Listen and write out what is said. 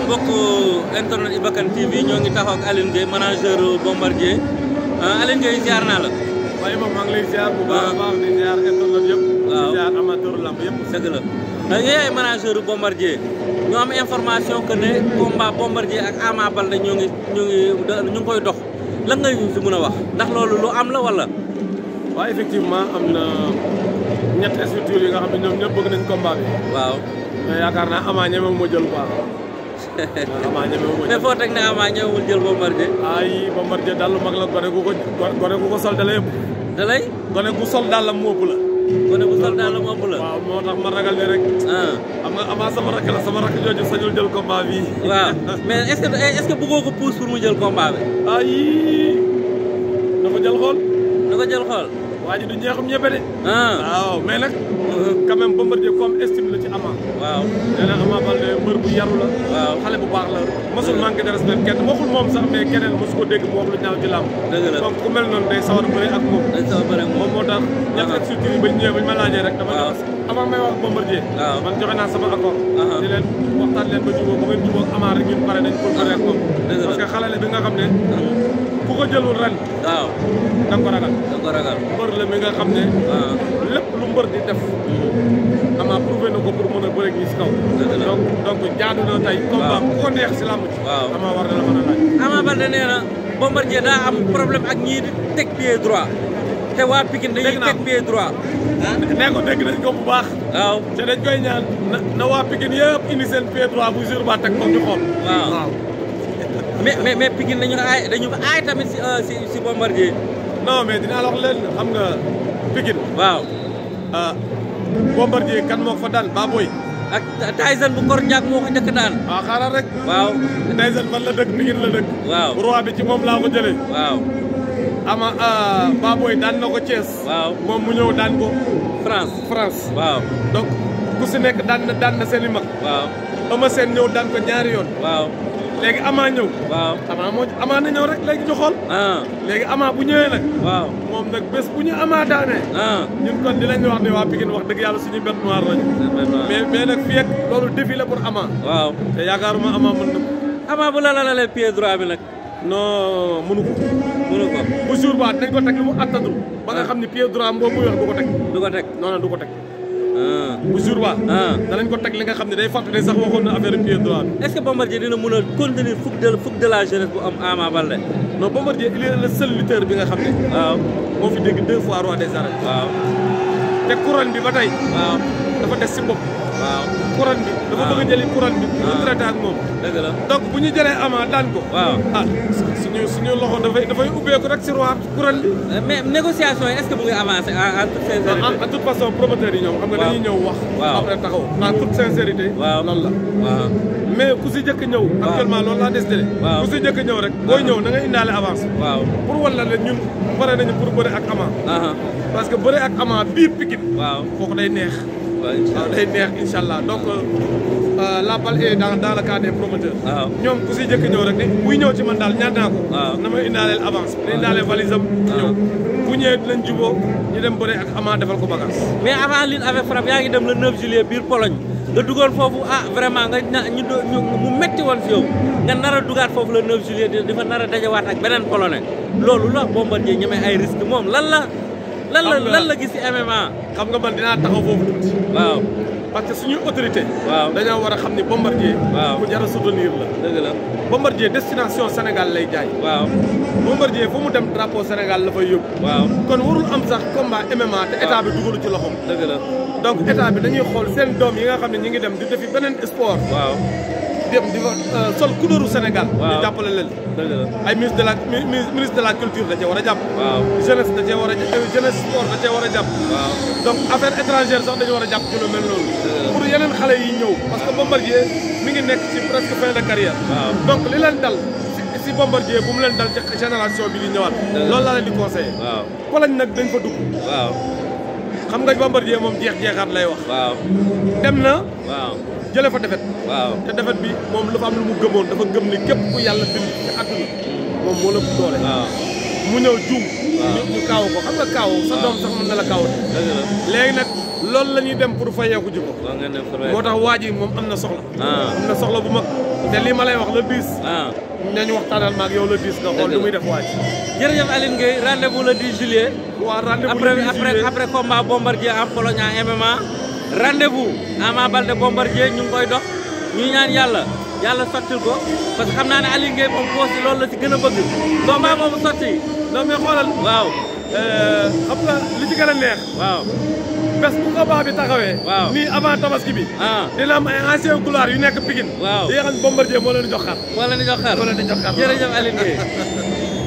mbokk internet Iba Kane TV ñoo ngi taxaw ak Alioune Gueye manager Bombardier ah, Alioune Gueye ziar naa la. waaye moom maa ngi lay ziar bu baax a baax di ziar internet yëpp. waaw di ziar amateur lamb yëpp. la ah, yooyu ay manager ñoo am information que ne combat ak Ama Baldé ñoo ngi ñoo ngi dox lan si mën a wax ndax loolu lu am la wala. waaw effectivement am na ñett structure yi nga xam ne ñoom ñëpp bëgg nañ combat bi. waaw mais yaakaar naa Ama ñeme moo amaa ñemewul mais foo teg ne amaa ñëwul jël Bombardier. ay Bombardier daal lu mag la gone gu ko gone gu ko sol gone gu sol daal la mu ëpp la. gone gu sol daal la mu ëpp la. waaw moo tax ma ragal rek. xam ah. nga amaa sama rakk la sama rakk jooju sañul jël combat bi. waaw mais est ce que est ce que bëggoo ko pousse na ko jël xool. na ko jël xool. waaji du jeexum ñebe de ah. waaw mais nag quand même Bombardier comme estime la ci Ama waaw nee na Ama Baldé mbër bu yaru la waaw xale bu baax la mosul manqué de respect kenn waxul moom sax mais keneen mosu ko dégg mu wax lu ñaaw ci làmb donc ku mel noonu day sawar bëri ak moom day sawar bëri moom moo tax ah. ñett rek surtout bañ ñëwee bañ ma laajee rek dama ne ah. avant may wax Bombardier man joxe naa sama accord di leen waxtaan ba ngeen Ama rek nañ pour parce que bi nga ku ko jëlul ren waaw da ko ragal da ko ragal la mi nga xam ne euh, lépp lu mbër di def ama prouvé na ko pour a bëre gi si kaw donc donc jaadu na tey combat bu ko neex si làmb ci ama war na la mën a na Bombardier daa am problème ak ñii di teg pied droit te waa Pikine dañuy teg pied droit ah. nee ko dégg nañ ko bu baax waaw te dañ ñaan na waa Pikine yëpp indi seen pied droit bu jour ba teg moom ñu waaw mais mais mais Pikine dañu aay dañu aay tamit si euh, si Bombardier non mais dinaa la wax leen xam nga Pikine. waaw. ah Bombardier kan moo fa daan Baboy. ak Tyson bu Kor Ndiak moo ko njëkk daan. waaw ah, xaaral rek. waaw Tyson fan la dëkk la waaw roi moom laa ko jëlee. waaw. ama ah, Baboy daan na ko waaw moom mu ñëw daan ko. France France. waaw donc ku si nekk daan na daan na seen i mag. waaw Eumeu Sène ñëw daan ko ñaari yoon. waaw. léegi Ama ñëw. waaw Ama moo Ama na ñëw rek léegi ñu xool. Ah. léegi Ama bu ñëwee nag. waaw moom nag bes bu ñu Ama daanee. Ah. ñun kon di lañ wax ne waa Pikine wax dëgg yàlla suñu bët noir lañu. mais mais nag fii ak loolu défi la pour Ama. waaw te yaakaaruma Ama mën na Ama bu la lalalee pied droit bi nag. non mënu ko. mënu ko bu jour ba dañ ko teg lu mu attanu. ba nga ah. xam ne pied droit boobu muy wax du ko teg. du ko teg non du ko teg. bu ah. jour ba danañ ah. ko teg li nga xam ne day fàttali sax waxoon na affaire pied droit bi est-ce que Bombardier dina mën a contenir fougue de fougue de la jeunesse bu am Ama Baldé non Bombardier il est le bi nga xam ne waaw moo fi dégg deux fois roi des arènes waaw te couronne bi ba tey waaw dafa des si bopp waaw couronne bi dafa bëgg a jëli couronne bi. waaw ah. retraité ak moom. dëgg la donc bu ñu jëlee ama daan ko. waaw ah suñu suñu loxo dafay dafay si roi couronne bi. Euh, mais négociation yi est ce que mu ngi avancé en toute xam nga dañuy ñëw wax. waaw mais ku si njëkk ñëw. actuellement loolu laa décidé. waaw ku si njëkk ñëw rek. booy ñëw da ngay indaale avance. waaw pour wala la ñun pare nañu pour bëre ak ama. parce que bëre ak ama biir Pikine. waaw kooku day neex. waaw day neex incha allah donc euh, la balle est dans dans le cadre des promoteurs. waaw ah. ñoom ku si njëkk ñëw rek ne buy ñëw ci man daal ñaan naa ko. waaw ah. na ma indaaleel avance. waaw na indaaleel valise am. ñëw bu ah. ñëwee dinañ jubóo ñu dem bëre ak Ama defal ko bagage. mais avant ligne avec frappe yaa dem le 9 juillet biir Pologne nga dugal foofu ah vraiment nga ñu ñu mu metti woon fi yow nga nar a dugaat foofu le 9 juillet di fa nar a dajawaat ak beneen polonais loolu la Bombardier ñemee ay risque moom lan la. lan lan la gis ci MMA. xam nga man dinaa taxaw foofu tuuti. waaw parce que suñuy autorité waaw dañoo war a xam ni Bombardier. waaw ku jar a soutenir la. dëgg la Bombardier destination Sénégal lay jaay. waaw Bombardier fu mu dem drapeau Sénégal la fay yóbbu. waaw kon warul am sax combat MMA. te état bi dugalu ci loxoom. dëgg la donc état bi dañuy xool seen doom yi nga xam ne ñu ngi dem di defi beneen sport. dem di euh, sol couleur Sénégal. waaw ñu jàppale leen. ay ministre de la ministre de la culture da cee war a jàpp. waaw jeunesse da cee war a jeunesse sport da cee war a jàpp. waaw donc affaire étrangère sax dañu war a jàpp ci lu mel noonu. pour yeneen xale yi ñëw parce que Bombardier mi ngi nekk ci presque fin de carrière. donc li leen dal. si bombardier bu mu leen dal génération bi di ñëwaat. loolu laa leen di conseillé. waaw polañ nag dañ fa dugg. xam nga bombardier moom jeex jeexaat lay wax. waaw dem na. jële fa defet waaw te defet bi lu fa am lu mu gëmoon dafa gëm ni képp ku Yalla bind ci àdduna mom mo la bu doole mu ñëw juum ñu kaaw ko xam nga kaaw sa doom sax mën la kaaw léegi nak lool lañuy dem pour fayeeku ji ko moo tax waa motax waji mom amna soxla ah. amna soxla bu mag te li ma lay wax le dix ah. nañu waxtaanal maag yow le bis nga xol lu muy def waji ji jërëjëf Aline Gueye rendez-vous le 10 juillet wa rendez-vous le après après combat Bombardier en polonia MMA rendez-vous Ama Baldé Bombardier ñu ngi koy dox ñuy ñaan yàlla yàlla sottil ko parce xam naa ne moom koo si loolu la si gën a bëgg combat moomu sotti loo may xoolal waaw euh, xam nga li ci gën a neex waaw bés bu combat bi taxawee waaw nii avant tabaski bi ah. dina am ay ancien gloire yu nekk Pikine waaw yi xam ne Bombardier moo jox xar moo jox xar moo leen di jox